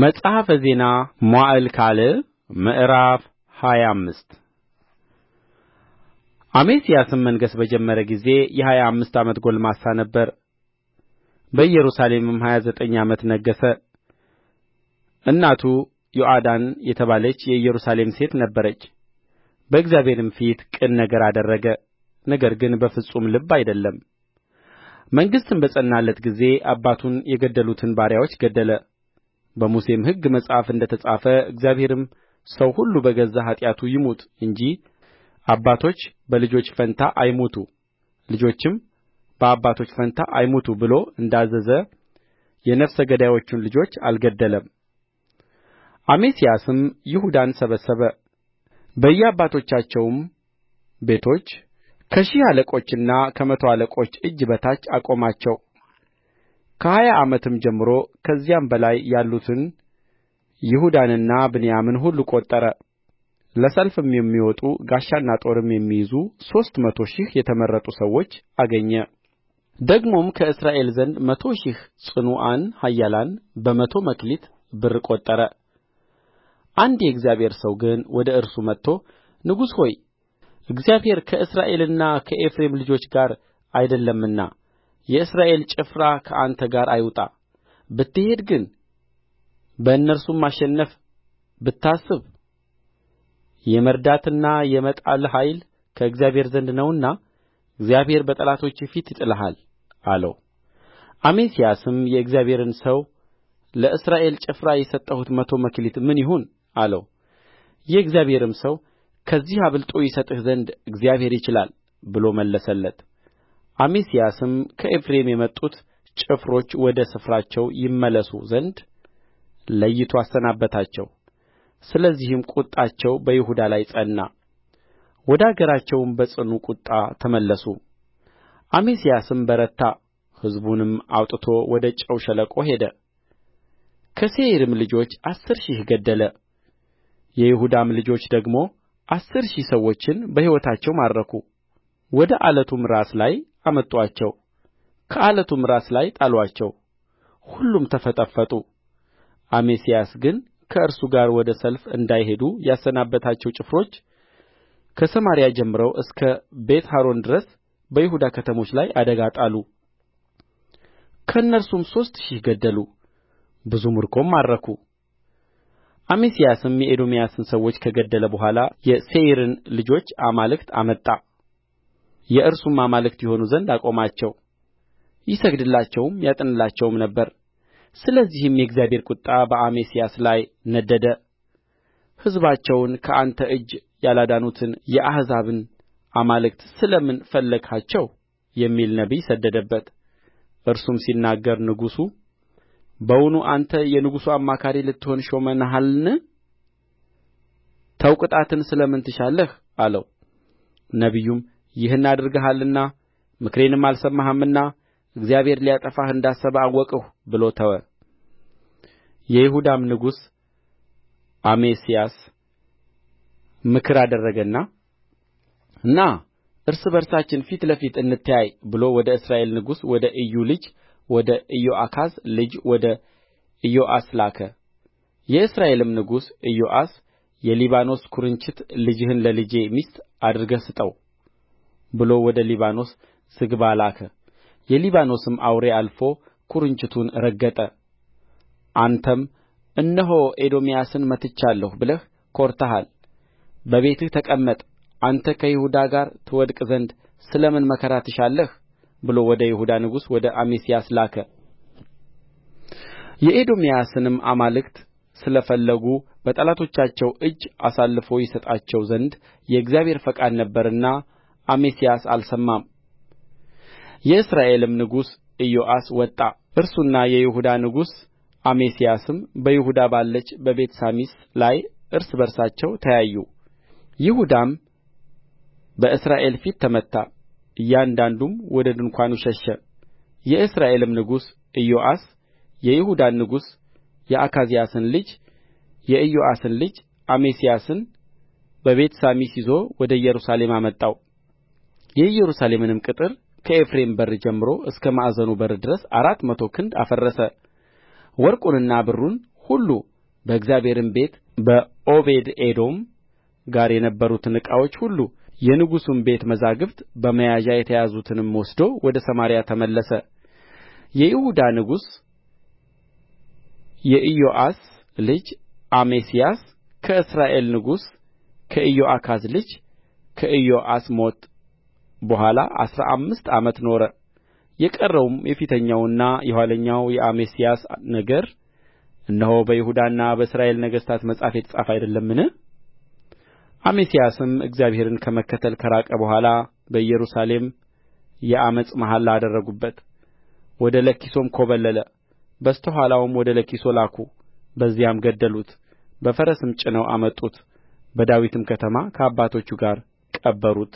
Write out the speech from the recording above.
መጽሐፈ ዜና መዋዕል ካልዕ ምዕራፍ ሃያ አምስት አሜስያስም መንገሥ በጀመረ ጊዜ የሀያ አምስት ዓመት ጕልማሳ ነበረ በኢየሩሳሌምም ሀያ ዘጠኝ ዓመት ነገሠ እናቱ ዮዓዳን የተባለች የኢየሩሳሌም ሴት ነበረች በእግዚአብሔርም ፊት ቅን ነገር አደረገ ነገር ግን በፍጹም ልብ አይደለም መንግሥትም በጸናለት ጊዜ አባቱን የገደሉትን ባሪያዎች ገደለ በሙሴም ሕግ መጽሐፍ እንደ ተጻፈ እግዚአብሔርም ሰው ሁሉ በገዛ ኃጢአቱ ይሙት እንጂ አባቶች በልጆች ፋንታ አይሙቱ ልጆችም በአባቶች ፋንታ አይሙቱ ብሎ እንዳዘዘ የነፍሰ ገዳዮቹን ልጆች አልገደለም አሜስያስም ይሁዳን ሰበሰበ በየአባቶቻቸውም ቤቶች ከሺህ አለቆችና ከመቶ አለቆች እጅ በታች አቆማቸው ከሀያ ዓመትም ጀምሮ ከዚያም በላይ ያሉትን ይሁዳንና ብንያምን ሁሉ ቈጠረ ለሰልፍም የሚወጡ ጋሻና ጦርም የሚይዙ ሦስት መቶ ሺህ የተመረጡ ሰዎች አገኘ ደግሞም ከእስራኤል ዘንድ መቶ ሺህ ጽኑዓን ኃያላን በመቶ መክሊት ብር ቈጠረ አንድ የእግዚአብሔር ሰው ግን ወደ እርሱ መጥቶ ንጉሥ ሆይ እግዚአብሔር ከእስራኤልና ከኤፍሬም ልጆች ጋር አይደለምና የእስራኤል ጭፍራ ከአንተ ጋር አይውጣ ብትሄድ ግን በእነርሱም ማሸነፍ ብታስብ የመርዳትና የመጣል ኃይል ከእግዚአብሔር ዘንድ ነውና እግዚአብሔር በጠላቶችህ ፊት ይጥልሃል አለው አሜስያስም የእግዚአብሔርን ሰው ለእስራኤል ጭፍራ የሰጠሁት መቶ መክሊት ምን ይሁን አለው የእግዚአብሔርም ሰው ከዚህ አብልጦ ይሰጥህ ዘንድ እግዚአብሔር ይችላል ብሎ መለሰለት አሜስያስም ከኤፍሬም የመጡት ጭፍሮች ወደ ስፍራቸው ይመለሱ ዘንድ ለይቶ አሰናበታቸው ስለዚህም ቍጣቸው በይሁዳ ላይ ጸና ወደ አገራቸውም በጽኑ ቍጣ ተመለሱ አሜስያስም በረታ ሕዝቡንም አውጥቶ ወደ ጨው ሸለቆ ሄደ ከሴይርም ልጆች አሥር ሺህ ገደለ የይሁዳም ልጆች ደግሞ አሥር ሺህ ሰዎችን በሕይወታቸው ማረኩ ወደ ዓለቱም ራስ ላይ አመጡአቸው ከዓለቱም ራስ ላይ ጣሉአቸው ሁሉም ተፈጠፈጡ አሜስያስ ግን ከእርሱ ጋር ወደ ሰልፍ እንዳይሄዱ ያሰናበታቸው ጭፍሮች ከሰማርያ ጀምረው እስከ ቤትሖሮን ድረስ በይሁዳ ከተሞች ላይ አደጋ ጣሉ ከእነርሱም ሦስት ሺህ ገደሉ ብዙ ምርኮም ማረኩ አሜስያስም የኤዶምያስን ሰዎች ከገደለ በኋላ የሴይርን ልጆች አማልክት አመጣ የእርሱም አማልክት ይሆኑ ዘንድ አቆማቸው ይሰግድላቸውም ያጥንላቸውም ነበር ስለዚህም የእግዚአብሔር ቍጣ በአሜስያስ ላይ ነደደ ሕዝባቸውን ከአንተ እጅ ያላዳኑትን የአሕዛብን አማልክት ስለ ምን ፈለግሃቸው የሚል ነቢይ ሰደደበት እርሱም ሲናገር ንጉሡ በውኑ አንተ የንጉሡ አማካሪ ልትሆን ሾመንሃልን ተው ቅጣትን ስለ ምን ትሻለህ አለው ነቢዩም ይህን አድርገሃልና ምክሬንም አልሰማህምና እግዚአብሔር ሊያጠፋህ እንዳሰበ አወቅሁ ብሎ ተወ የይሁዳም ንጉሥ አሜስያስ ምክር አደረገና ና እርስ በርሳችን ፊት ለፊት እንተያይ ብሎ ወደ እስራኤል ንጉሥ ወደ ኢዩ ልጅ ወደ ኢዮአካዝ ልጅ ወደ ኢዮአስ ላከ። የእስራኤልም ንጉሥ ኢዮአስ የሊባኖስ ኵርንችት ልጅህን ለልጄ ሚስት አድርገህ ስጠው ብሎ ወደ ሊባኖስ ዝግባ ላከ የሊባኖስም አውሬ አልፎ ኵርንችቱን ረገጠ አንተም እነሆ ኤዶምያስን መትቻለሁ ብለህ ኰርተሃል በቤትህ ተቀመጥ አንተ ከይሁዳ ጋር ትወድቅ ዘንድ ስለ ምን መከራ ትሻለህ ብሎ ወደ ይሁዳ ንጉሥ ወደ አሜስያስ ላከ የኤዶምያስንም አማልክት ስለ ፈለጉ በጠላቶቻቸው እጅ አሳልፎ ይሰጣቸው ዘንድ የእግዚአብሔር ፈቃድ ነበረና አሜስያስ አልሰማም የእስራኤልም ንጉሥ ኢዮአስ ወጣ እርሱና የይሁዳ ንጉሥ አሜስያስም በይሁዳ ባለች በቤት ሳሚስ ላይ እርስ በርሳቸው ተያዩ ይሁዳም በእስራኤል ፊት ተመታ እያንዳንዱም ወደ ድንኳኑ ሸሸ የእስራኤልም ንጉሥ ኢዮአስ የይሁዳን ንጉሥ የአካዝያስን ልጅ የኢዮአስን ልጅ አሜስያስን ሳሚስ ይዞ ወደ ኢየሩሳሌም አመጣው የኢየሩሳሌምንም ቅጥር ከኤፍሬም በር ጀምሮ እስከ ማዕዘኑ በር ድረስ አራት መቶ ክንድ አፈረሰ ወርቁንና ብሩን ሁሉ በእግዚአብሔርም ቤት በዖቤድኤዶም ጋር የነበሩትን ዕቃዎች ሁሉ የንጉሡን ቤት መዛግብት በመያዣ የተያዙትንም ወስዶ ወደ ሰማርያ ተመለሰ የይሁዳ ንጉሥ የኢዮአስ ልጅ አሜስያስ ከእስራኤል ንጉሥ ከኢዮአካዝ ልጅ ከኢዮአስ ሞት በኋላ አሥራ አምስት ዓመት ኖረ የቀረውም የፊተኛውና የኋለኛው የአሜስያስ ነገር እነሆ በይሁዳና በእስራኤል ነገሥታት መጽሐፍ የተጻፈ አይደለምን አሜስያስም እግዚአብሔርን ከመከተል ከራቀ በኋላ በኢየሩሳሌም የዓመፅ መሐላ አደረጉበት ወደ ለኪሶም ኰበለለ በስተ ኋላውም ወደ ለኪሶ ላኩ በዚያም ገደሉት በፈረስም ጭነው አመጡት በዳዊትም ከተማ ከአባቶቹ ጋር ቀበሩት